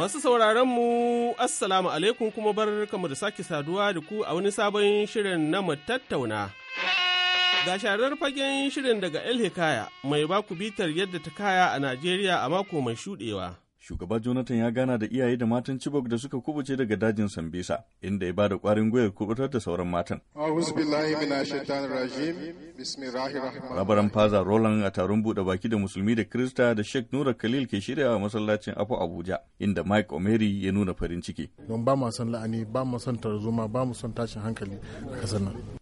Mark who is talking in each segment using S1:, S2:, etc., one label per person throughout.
S1: Masu sauraron mu Assalamu alaikum kuma bar kamu da sake saduwa da ku a wani sabon shirin na mu tattauna. Ga sharar fagen shirin daga El Hikaya mai baku bitar yadda ta kaya a Najeriya a mako mai shudewa.
S2: Shugaba Jonathan ya gana da iyaye da matan Chibok da suka kubuce daga dajin Sambisa, inda ya bada kwarin gwiwar kubutar da sauran matan. Rabaran Faza Roland a taron buɗe baki da musulmi da Krista da Sheikh Nura Khalil ke shirya a masallacin Afo Abuja, inda Mike Omeri ya nuna farin ciki.
S3: Don ba mu son la'ani, ba mu san tarzoma, ba mu son tashin hankali a ƙasar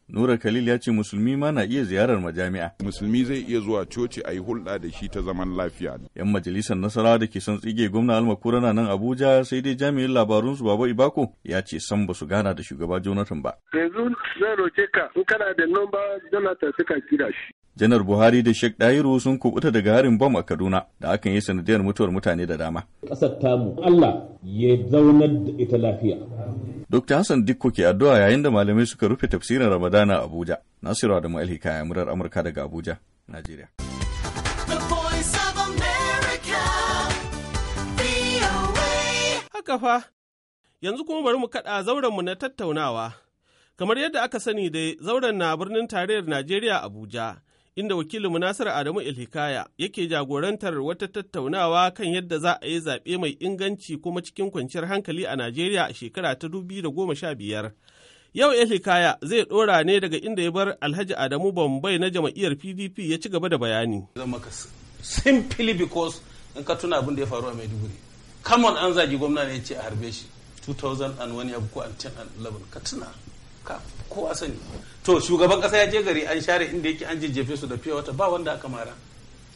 S2: Nura Khalil ya ce musulmi ma na iya ziyarar majami'a. Musulmi zai iya zuwa coci a yi hulɗa da shi ta zaman lafiya. 'Yan majalisar Nasarawa da ke son tsige gwamna Alma Kura na nan Abuja sai dai jami'in labarun su Baba Ibako ya ce san ba su gana da shugaba Jonathan ba.
S3: Yanzu zan roke ka in kana da nomba Jonathan suka kira
S2: shi. Janar Buhari da Sheikh Dairu sun kubuta daga harin bom a Kaduna da akan yi sanadiyar mutuwar mutane da dama.
S4: kasar tamu Allah ya zaunar da ita lafiya.
S2: Dr. Hassan Dikko ke addu'a yayin da malamai suka rufe tafsirin Ramadana a Abuja. Nasiru Adamu Alhikaya, murar Amurka daga Abuja, Najeriya.
S1: Haka fa, yanzu kuma bari mu kaɗa zaurenmu na tattaunawa. Kamar yadda aka sani dai, zauren na birnin tarayyar Najeriya Abuja, inda wakilin Nasiru Adamu Ilhikaya yake jagorantar wata tattaunawa kan yadda za a yi zaɓe mai inganci kuma cikin kwanciyar hankali a Najeriya a shekara ta da goma sha biyar. Yau Ilhikaya zai ɗora ne daga inda ya bar Alhaji Adamu Bambai na jam'iyyar PDP ya ci gaba da bayani. Zan maka simply because in ka tuna abin
S4: da ya faru a Maiduguri. kamar an zagi gwamna ne ce a harbe shi 2000 an wani abu ko an an 11 ka tuna ka a sani to shugaban kasa ya je gari an share inda yake an jejjefe su da fiye wata ba wanda aka mara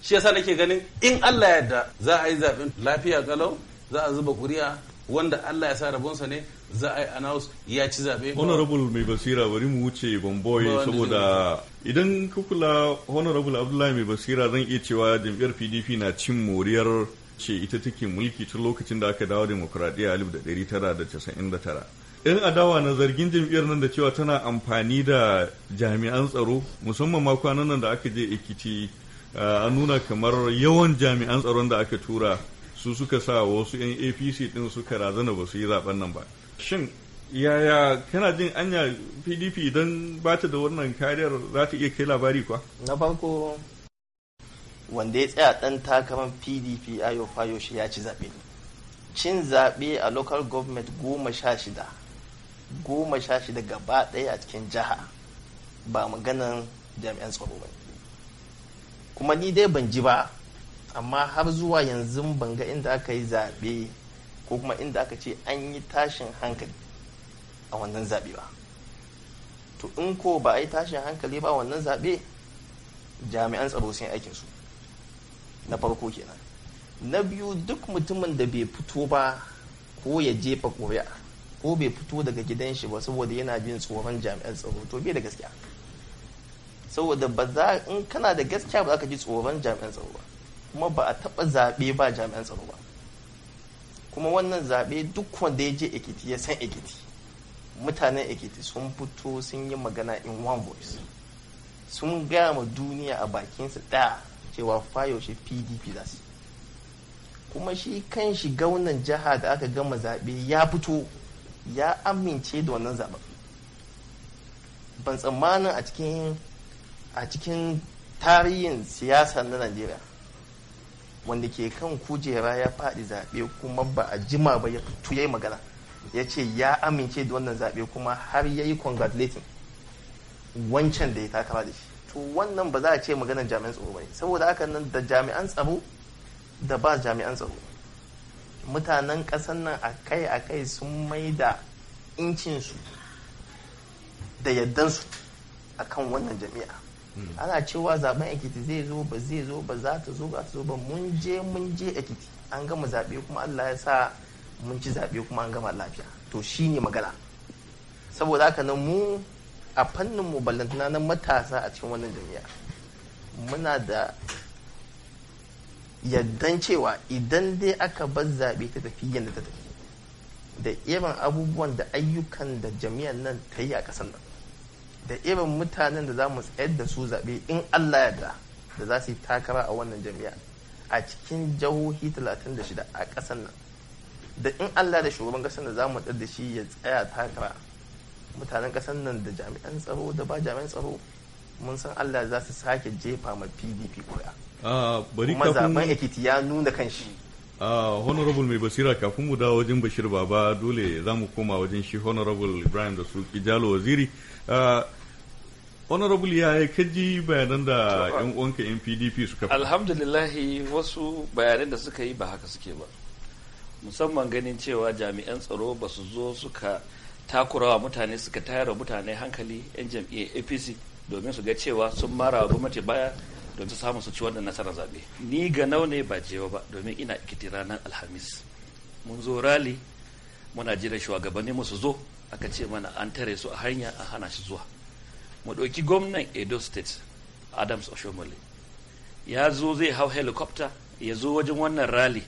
S4: shi yasa nake ganin in Allah ya yarda za a yi zaben lafiya galau za a zuba kuri'a wanda Allah ya sa rabonsa ne za a yi announce ya ci zaɓe.
S2: Honorable mai basira bari mu wuce Bomboy saboda idan kukula Honorable Abdullahi mai basira zan iya cewa jam'iyyar PDP na cin moriyar ce ita take mulki tun lokacin da aka dawo demokuraɗiyya tara 'yan adawa na zargin jam'iyyar nan da cewa tana amfani da jami'an tsaro musamman ma kwanan nan da aka je ekiti a nuna kamar yawan jami'an tsaron da aka tura su suka sa wasu 'yan apc din suka razana ba su yi zaben nan ba shin yaya kana jin anya pdp idan ba ta da wannan kariyar za ta iya kai labari kwa
S5: na farko wanda ya tsaya ɗan takarar pdp ayo fayo shi ya ci zaɓe cin zaɓe a local government goma sha shida goma sha shida gaba ɗaya a cikin jiha ba maganan jami'an tsaro ba kuma ni dai ban ji ba amma har zuwa yanzu ban ga inda aka yi zaɓe ko kuma inda aka ce an yi tashin hankali a wannan zaɓe ba to in ko ba a yi tashin hankali ba wannan zaɓe jami'an tsaro sun yi aikinsu na farko kenan na biyu duk mutumin da bai fito ba ko ya jefa koya ko bai fito daga gidan shi ba saboda yana jin tsoron jami'an tsaro to bai da gaskiya saboda ba za in kana da gaskiya ba za ka ji tsoron jami'an tsaro ba kuma ba a taɓa zaɓe ba jami'an tsaro ba kuma wannan zaɓe duk wanda ya je ekiti ya san ekiti mutanen ekiti sun fito sun yi magana in one voice sun gaya ma duniya a bakinsu ɗaya cewa shi pdp za su kuma shi kan shi gaunan jiha da aka gama zaɓe ya fito ya amince da wannan zaɓen ban tsammanin a cikin a cikin tarihin siyasa na najeriya wanda ke kan kujera ya faɗi zaɓe kuma ba a jima ba ya fito ya yi magana ya ce ya amince da wannan zaɓe kuma har ya yi congratulating wancan da ya takara da shi to wannan ba za a ce maganar jami'an tsaro bane saboda haka nan da jami'an tsaro da ba jami'an tsaro mutanen ƙasar nan akai-akai sun maida incinsu da yaddan su akan wannan jami'a hmm. ana cewa zaben ekiti zai zo ba zai zo ba za ta zo ba ta zo ba mun je mun je ekiti an gama zaɓe kuma allah ya sa mun ci zaɓe kuma an gama lafiya to shi ne magana saboda haka nan mu a fannin mu ballantana na matasa a cikin wannan jami'a muna da yaddan cewa idan dai aka bar zaɓe ta tafi yadda ta tafi da irin abubuwan da ayyukan da jami'an nan ta yi a ƙasar nan da irin mutanen da za mu tsayar da su zaɓe in allah yarda da za su yi takara a wannan jami'a a cikin jihohi 36 a ƙasar nan da in allah da shugaban ƙasar da za mu tsayar da shi ya tsaya takara mutanen kasan nan da jami'an tsaro da ba jami'an tsaro mun san Allah za su sake jefa ma PDP koya.
S2: Kuma zaben
S5: Ekiti ya nuna kan shi.
S2: Honorable mai basira kafin mu dawo wajen Bashir Baba dole za mu koma wajen shi Honorable Ibrahim da su Kijalo Waziri. Honorable ya yi kaji bayanan da yan uwanka yan PDP suka fi.
S6: Alhamdulillahi wasu bayanan da suka yi ba haka suke ba. Musamman ganin cewa jami'an tsaro ba su zo suka takurawa mutane suka tayar wa mutane hankali 'yan jam'iyyar apc domin su ga cewa sun mara wa gwamnati baya don su samu su ci wannan nasarar zaɓe ni ga nau ne ba jewa ba domin ina ikiti ranar alhamis mun zo rali muna jira shugabanni mu su zo aka ce mana an tare su a hanya a hana shi zuwa mu ɗauki gwamnan edo state adams oshomole ya zo zai hau helicopter ya zo wajen wannan rali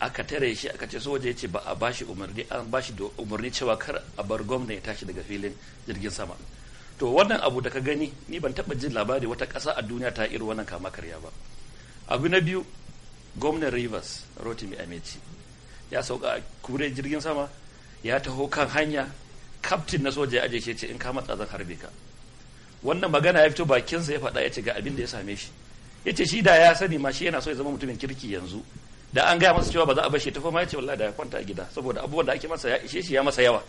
S6: aka tare shi aka ce soja ya ce ba a bashi umarni an bashi umarni cewa kar a bar gwamna ya tashi daga filin jirgin sama to wannan abu da ka gani ni ban taba jin labari wata kasa a duniya ta irin wannan kama karya ba abu na biyu gwamnan rivers rotimi amechi ya sauka a kure jirgin sama ya taho kan hanya kaftin na soja ya aje shi ce in ka matsa zan harbe ka wannan magana ya fito bakinsa ya faɗa ya ce ga abin da ya same shi ya ce shi da ya sani ma shi yana so ya zama mutumin kirki yanzu da an gaya masa cewa ba za a bashi shi tafi ma ya ce wallahi da ya kwanta a gida saboda abubuwan da ake masa ya ishe shi ya masa yawa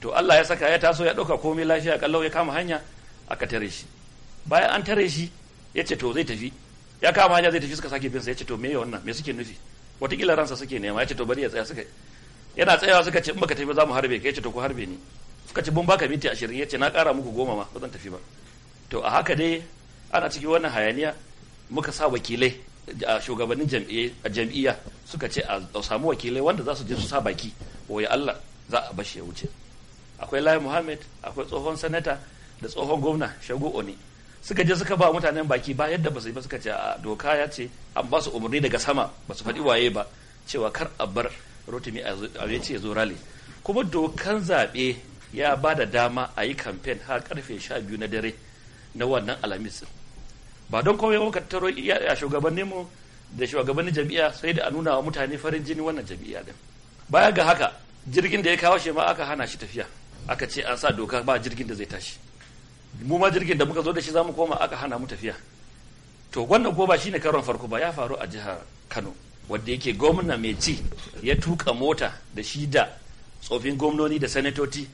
S6: to Allah ya saka ya taso ya ɗauka komai lafiya kallau ya kama hanya aka tare shi bayan an tare shi ya ce to zai tafi ya kama hanya zai tafi suka sake sa ya ce to me ya wannan me suke nufi watakila ransa suke nema ya ce to bari ya tsaya suka yana tsayawa suka ce in baka tafi za mu harbe ka ya ce to ku harbe ni suka ce mun baka minti ashirin ya ce na ƙara muku goma ma ba zan tafi ba to a haka dai ana cikin wannan hayaniya muka sa wakilai shugabannin jam'iyya suka ce a samu wakilai wanda za su je su sa baki wai Allah za a bashi ya wuce akwai Lai Muhammad akwai tsohon sanata da tsohon gwamna Shagu Oni suka je suka ba mutanen baki ba yadda ba su yi ba suka ce a doka ya ce an ba su umarni daga sama ba su faɗi waye ba cewa kar a bar rotimi a ce ya zo rali kuma dokan zaɓe ya ba da dama a yi kamfen har karfe sha biyu na dare na wannan alhamis ba don komai ka taro a shugabanninmu da shugabannin jami'a sai da a nuna wa mutane farin jini wannan jam'iyya din baya ga haka jirgin da ya kawo shi ma aka hana shi tafiya aka ce an sa doka ba jirgin da zai tashi mu ma jirgin da muka zo da shi zamu koma aka hana mu tafiya to wannan ko ba shine karon farko ba ya faru a jihar Kano wanda yake gwamna mai ci ya tuka mota da shi da tsofin gwamnoni da sanatoci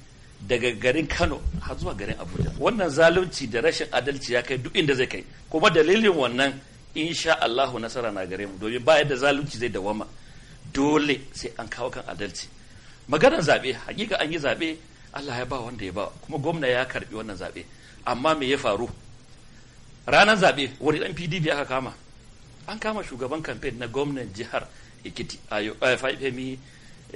S6: daga garin Kano har zuwa garin Abuja wannan zalunci da rashin adalci ya kai duk inda zai kai kuma dalilin wannan insha Allahu nasara na gare mu domin ba yadda zalunci zai dawama dole sai an kawo kan adalci maganar zaɓe hakika an yi zaɓe Allah ya ba wanda ya ba kuma gwamna ya karbi wannan zaɓe amma me ya faru ranar zaɓe wani ɗan pdp aka kama an kama shugaban kamfen na gwamnan jihar ikiti a eh,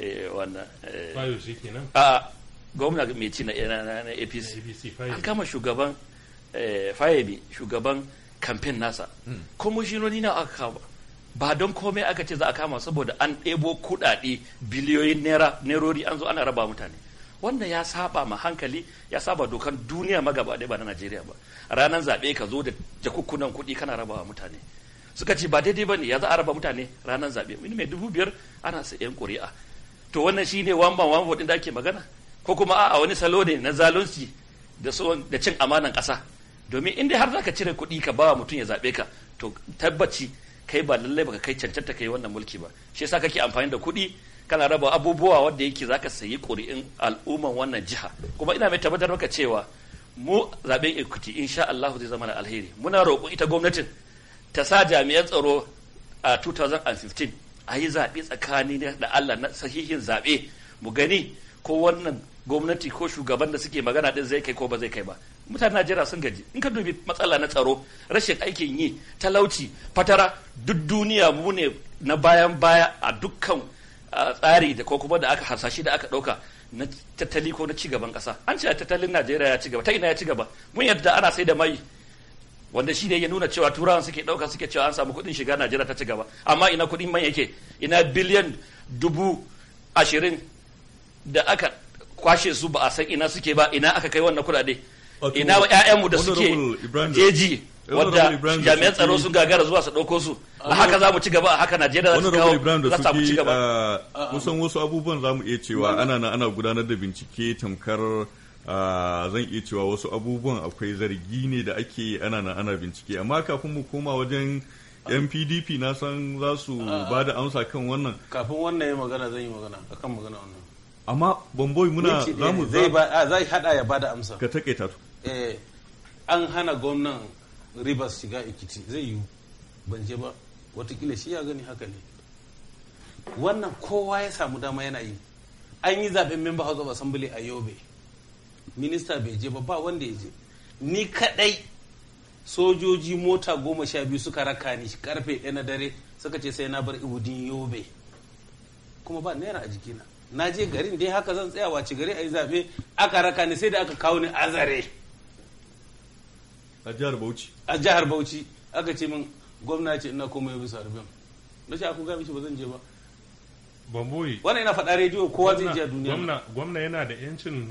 S6: eh, wannan eh, gwamna mai ci na apc an kama shugaban eh, fayebi shugaban kamfen nasa hmm. kwamishinoni na aka kama ba don komai aka ce za a kama saboda an ɗebo kuɗaɗe biliyoyin naira nerori an zo ana raba mutane wannan ya saba ma hankali ya saba dokan duniya ma gaba ba na najeriya ba ranar zaɓe ka zo da jakukkunan kuɗi kana rabawa mutane suka ce ba daidai ba ne ya za a raba mutane ranar zaɓe wani mai dubu biyar ana sa yan ƙuri'a to wannan shi ne wan ban wan da ake magana ko kuma a wani salo ne na zalunci da da cin amanan ƙasa domin inda har zaka cire kuɗi ka bawa mutum ya zaɓe ka to tabbaci kai ba lallai baka kai cancanta kai wannan mulki ba shi yasa kake amfani da kuɗi kana raba abubuwa wanda yake zaka sayi ƙuri'in al'umman wannan jiha kuma ina mai tabbatar maka cewa mu zaɓen ikuti insha Allah zai zama na alheri muna roƙo ita gwamnatin ta sa jami'an tsaro a 2015 a yi zaɓe tsakani da Allah na sahihin zaɓe mu gani ko wannan gwamnati ko shugaban da suke magana din zai kai ko ba zai kai ba mutane najeriya sun gaji in ka dubi matsala na tsaro rashin aikin yi talauci fatara duk duniya mu ne na bayan baya a dukkan tsari da ko kuma da aka harsashi da aka ɗauka na tattali ko na cigaban ƙasa an ce tattalin najeriya ya ci gaba ta ina ya ci gaba mun yadda ana sai da mai wanda shi ne ya nuna cewa turawan suke ɗauka suke cewa an samu kuɗin shiga najeriya ta ci gaba amma ina kuɗin mai yake ina biliyan dubu ashirin da aka kwashe su ba a san ina suke ba ina aka kai wannan kudade ina wa ƴaƴanmu da suke eji eh, wadda jami'an tsaro eh. sun gagara zuwa su ɗauko su a haka za mu ci gaba a haka najeriya za ta kawo za ta ci gaba
S2: ah, san wasu abubuwan za mu iya cewa ana na ana gudanar da bincike tamkar ah, zan iya cewa wasu abubuwan akwai zargi ne da ake ana na ana bincike amma kafin mu koma wajen NPDP na san za su ah, ba da amsa kan wannan
S4: kafin wannan ya magana zan yi magana akan magana wannan
S2: amma bamboi muna za mu zai ba
S4: hada ya bada amsa ka takaita tu eh an hana gwamnan rivers shiga ikiti zai yiwu ban je ba watakila shi ya gani haka ne wannan kowa ya samu dama yana yi an yi zaben member house of assembly a yobe minista bai je ba ba wanda ya je ni kadai sojoji mota goma sha biyu suka raka ni karfe ɗaya na dare suka ce sai na bar iwudin yobe kuma ba naira a jikina na je garin dai haka zan tsaya wace gari a yi zafi aka raka ni sai da aka kawo ni azare
S2: a jihar bauchi a jihar
S4: bauchi aka ce min gwamna ce ina komai bisa rubin na ce aku gami shi ba zan je ba
S2: bamboyi wannan yana faɗa rediyo kowa zai je a duniya gwamna gwamna yana da yancin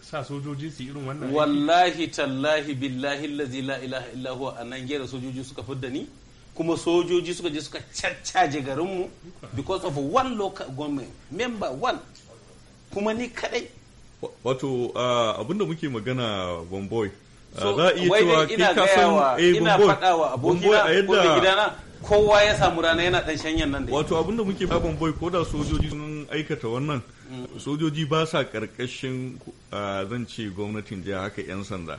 S2: sa sojoji su irin wannan
S4: wallahi tallahi billahi allazi la ilaha illa huwa anan gera sojoji suka fudda ni kuma sojoji suka je suka caccaje garinmu because of one local government member one kuma ni kadai
S2: wato ah, abinda muke magana bomboy ah, za a iya cewa ke kasan eh, a bomboy bomboy a yadda kowa ya samu rana yana dan shanyan nan da wato abinda muke ba bomboy ko da sojoji sun aikata wannan mm. sojoji ba sa karkashin ah, zan ce gwamnatin jiya haka yan sanda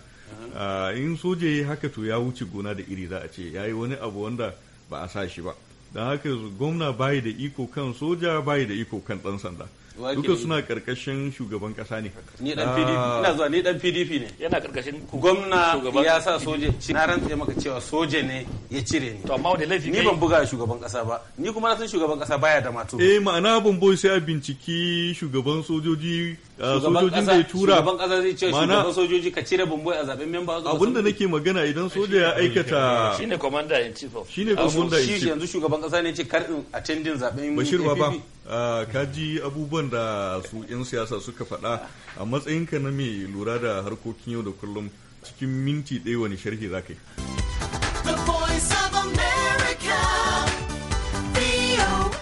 S2: Uh, in soja ya haka to ya wuce gona da iri za a ce ya yi wani abu wanda ba a sa shi ba don haka gwamna bayi da iko kan soja bayi da iko kan dan sanda duka suna karkashin shugaban kasa ne ni dan pdp ah. ina
S4: zuwa ni dan pdp ne yana karkashin gwamna ya sa soje na rantse maka cewa soje ne ya cire ni to amma wanda laifi ni ban buga shugaban kasa ba ni kuma na san shugaban kasa baya da
S2: mato eh ma'ana ban sai a binciki shugaban sojoji Ah, sojojin da ya tura shugaban
S4: kasa zai ce shugaban sojoji ka cire a zaben memba abinda
S2: nake magana idan soja ya aikata shine
S4: commander in chief of shine commander in ah, chief yanzu shugaban kasa ne ce kar a tendin zaben Bashir Baba
S2: ah, ka ji abubuwan da su yan siyasa suka faɗa a matsayin ka na mai lura da harkokin yau da kullum cikin minti ɗaya wani sharhi za ka yi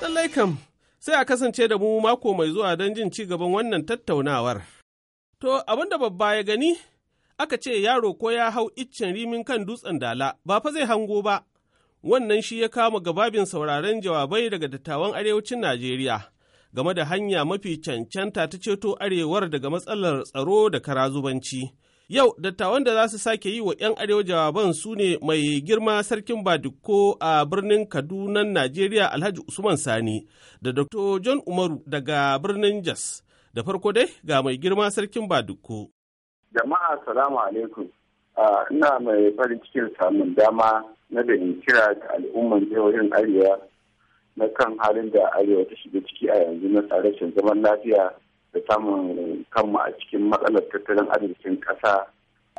S1: america. kam sai a kasance da mu mako mai zuwa don jin ci gaban wannan tattaunawar. To, abinda babba ya gani, aka ce yaro ko ya hau iccen rimin kan dutsen dala, ba fa zai hango ba. Wannan shi ya kama gababin sauraren jawabai daga dattawan arewacin Najeriya game da hanya mafi cancanta ta ceto arewar daga matsalar tsaro da karazubanci. Yau, dattawan da za su sake yi wa 'yan arewa jawaban su ne mai girma sarkin Badikko a birnin Kaduna, Najeriya Alhaji Usman Sani da Dr. John Umaru daga birnin Jos. Da farko dai ga mai girma sarkin badiko
S7: Jama'a salamu alaikum. Ina mai farin cikin samun dama na da kira ga al'umman jihohin Arewa na kan halin da Arewa ta shiga ciki a yanzu na tsare zaman lafiya da samun kanmu a cikin matsalar tattalin arzikin ƙasa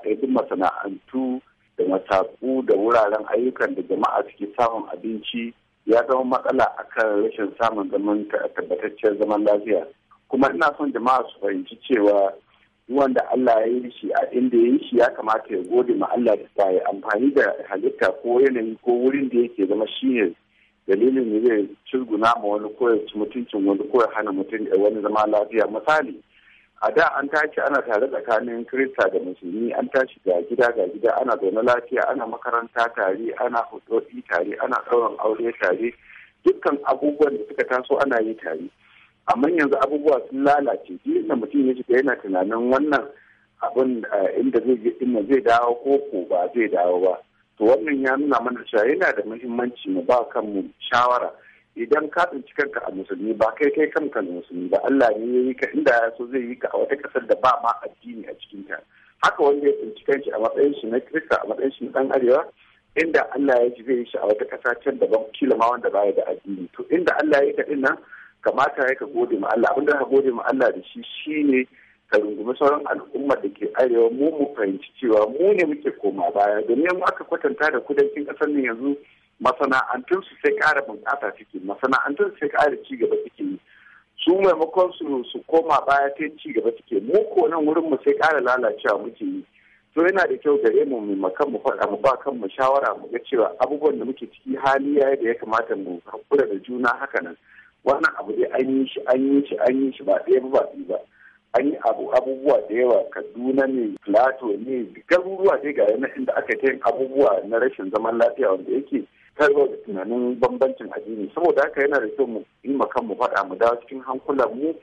S7: a masana'antu da mataku da wuraren ayyukan da jama'a suke samun abinci ya zama matsala akan rashin samun zaman tabbataccen zaman lafiya kuma ina son jama'a su fahimci cewa wanda Allah ya yi shi a inda ya yi shi ya kamata ya gode ma Allah da ya amfani da halitta ko yanayi ko wurin da yake zama shi ne dalilin ne zai cizguna ma wani ko ya ci mutuncin wani ko ya hana mutum wani zama lafiya misali a da an tashi ana tare tsakanin kirista da musulmi an tashi ga gida ga gida ana zaune lafiya ana makaranta tare ana hudodi tare ana tsawon aure tare dukkan abubuwan da suka taso ana yi tare amma yanzu abubuwa sun lalace jiya da mutum ya shiga yana tunanin wannan abin eh, inda zai zai dawo ko ko ba zai dawo ba to wannan ya nuna mana cewa yana da muhimmanci mu ba kanmu shawara idan ka tsinci kanka a musulmi ba kai kai kanka musulmi ba Allah ne ya yi ka inda ya so zai yi ka a wata kasar da ba ma addini a cikin ta haka wanda ya tsinci kanki a matsayin shi na Kirista a matsayin shi na dan arewa inda Allah ya ji zai yi shi a wata kasa can daban kila ma wanda baya da addini to inda Allah ya yi ka dinnan kamata ya ka gode ma Allah abinda ka gode ma Allah da shi shine ka rungumi sauran al'ummar da ke arewa mu mu fahimci cewa mu ne muke koma baya domin aka kwatanta da kudancin kasar nan yanzu masana'antun su sai ƙara bunƙasa suke masana'antun su sai ƙara ci gaba suke yi su maimakon su su koma baya ta ci gaba suke mu ko nan wurin mu sai ƙara lalacewa muke yi to yana da kyau gare mu mu makan mu faɗa mu ba kan mu shawara mu ga cewa abubuwan da muke ciki hali yayi da ya kamata mu hakura da juna haka nan wannan abu dai an yi shi an yi shi an yi shi ba ɗaya ba ba ba an yi abubuwa da yawa kaduna ne plato ne garuruwa dai ga yana inda aka yi abubuwa na rashin zaman lafiya wanda yake tarwa da tunanin bambancin addini saboda haka yana da kyau mu yi ma kanmu faɗa mu dawo cikin hankulan mu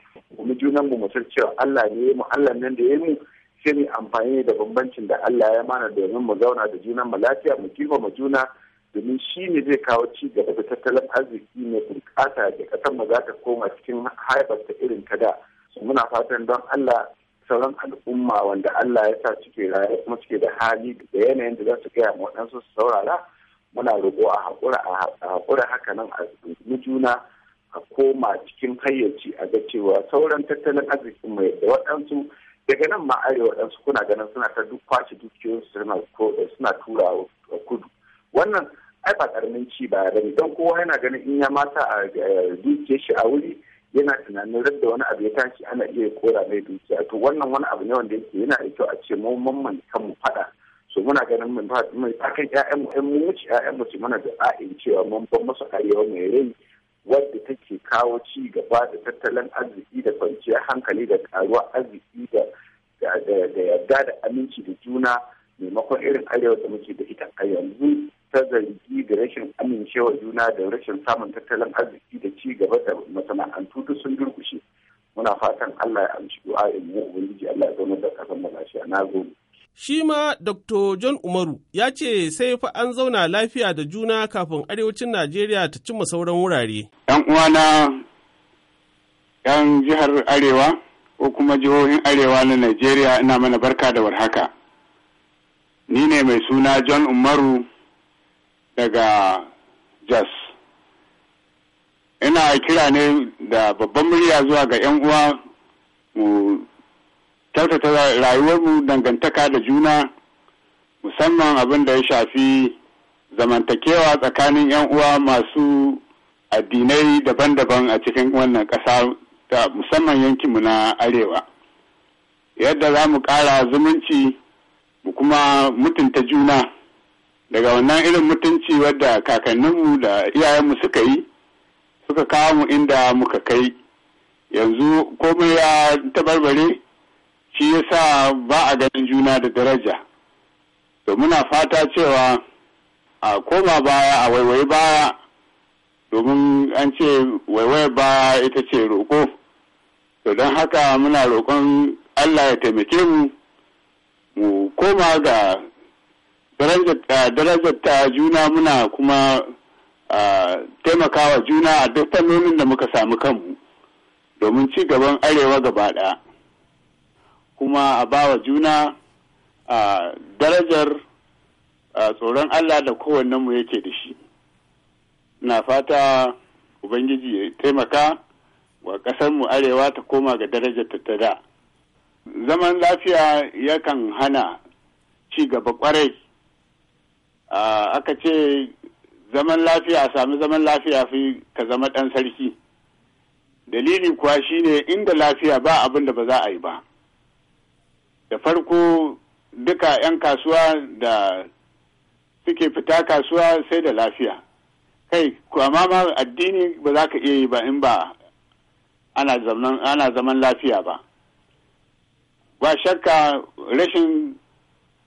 S7: mu junan mu mu cewa Allah ne ya mu Allah nan da ya mu sai mu amfani da bambancin da Allah ya mana domin mu zauna da junan mu lafiya mu mu juna domin shi ne zai kawo ci gaba da tattalin arziki mai bunƙasa da ƙasar mu za ta koma cikin haifarta irin ta da muna fatan don Allah sauran al'umma wanda Allah ya sa cike raye kuma suke da hali da yanayin da za su gaya ma waɗansu su saurara muna roƙo a haƙura a haƙura haka nan a juna a koma cikin hayyaci a ga cewa sauran tattalin arzikin mai da waɗansu daga nan ma arewa waɗansu kuna ganin suna ta duk kwace dukiyoyinsu suna suna tura kudu wannan ai ba karamin ci ba don kowa yana ganin in ya mata a eh, dukiyar shi a wuri yana tunanin da wani abu ya tashi ana iya kora mai dukiya to wannan wani abu ne wanda yake yana da kyau a ce mu mamman kan mu faɗa so muna ganin mun mai akan ƴaƴan mu mu wuce ƴaƴan mu muna da a'in cewa mun ban masa arewa mai rai wadda take kawo ci gaba da tattalin arziki da kwanciyar hankali da karuwa arziki da da yarda da aminci da juna maimakon irin arewa da muke da ita a yanzu ta zargi da rashin amincewa juna da rashin samun tattalin arziki da ci gaba da masana'antu duk sun durkushe muna fatan Allah ya amshi in mu ubangiji Allah ya zauna da kasar mu na gode
S1: Shi ma Dr. John Umaru ya ce sai fa an zauna lafiya da juna kafin arewacin Najeriya ta cimma sauran wurare. ‘Yan uwa na
S3: ‘yan jihar Arewa ko kuma jihohin Arewa na Najeriya ina mana barka da warhaka. Ni ne mai suna John Umaru daga Jos. Ina kira ne da babban murya zuwa ga 'yan uwa mu kyautata rayuwarmu dangantaka da juna musamman abin da ya shafi zamantakewa tsakanin 'yan uwa masu addinai daban-daban a cikin wannan ƙasa ta musamman yankinmu na arewa yadda za mu ƙara zumunci mu kuma mutunta juna daga wannan irin mutunci wadda kakanninmu da iyayenmu suka yi suka kawo mu inda muka kai yanzu komai ya tabarbare shi yasa ba a ganin juna da daraja to muna fata cewa a koma baya a waiwai baya domin an ce waiwai baya ita ce roƙo to don haka muna roƙon allah ya taimake mu mu koma ga darajarta juna muna kuma taimakawa juna a duk fannonin da muka samu kanmu domin ci gaban arewa gaba ɗaya kuma a bawa juna a darajar tsoron Allah da mu yake da shi na fata ubangiji ya taimaka wa ƙasarmu arewa ta koma ga darajar ta da zaman lafiya yakan hana ci gaba kwarai aka ce zaman lafiya a sami zaman lafiya fi ka zama ɗan sarki dalili kuwa shine inda lafiya ba abin da ba za a yi ba da farko duka 'yan kasuwa da suke fita kasuwa sai da lafiya kai amma ma addini ba za ka iya yi ba in ba ana zaman lafiya ba ba shakka rashin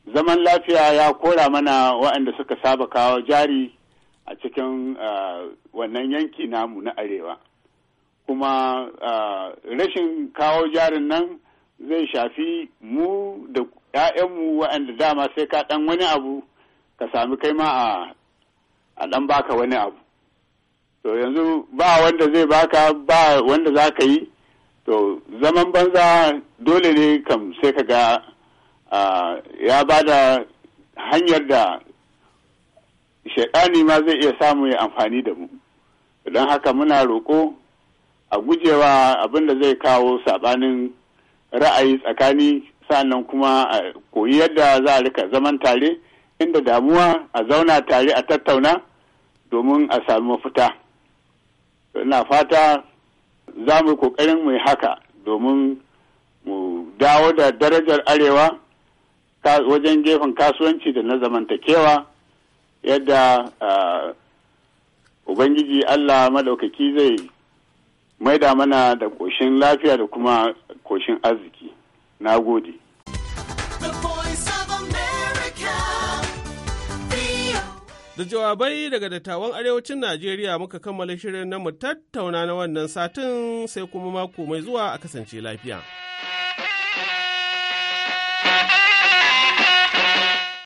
S3: zaman lafiya ya kora mana waɗanda suka saba kawo jari a cikin wannan yanki namu na arewa kuma rashin kawo jarin nan zai shafi mu da 'ya'yanmu waɗanda dama sai ka ɗan wani abu ka sami kai ma a ɗan baka wani abu to yanzu ba wanda zai baka ba wanda za ka yi to zaman banza dole ne kam sai ka ga ya ba da hanyar da shaiɗani ma zai iya samu ya amfani da mu don haka muna roƙo a gujewa abin da zai kawo saɓanin ra'ayi tsakani sannan kuma a koyi yadda za a rika zaman tare inda damuwa a zauna tare a tattauna domin a sami mafita ina fata za mu yi ƙoƙarin mu yi haka domin mu dawo da darajar arewa wajen gefen kasuwanci da na zamantakewa yadda ubangiji allah madaukaki zai maida mana da koshin lafiya da kuma koshin arziki na gode
S1: Da jawabai daga dattawan arewacin Najeriya muka kammala shirin na mu tattauna na wannan satin sai kuma mako mai zuwa a kasance lafiya.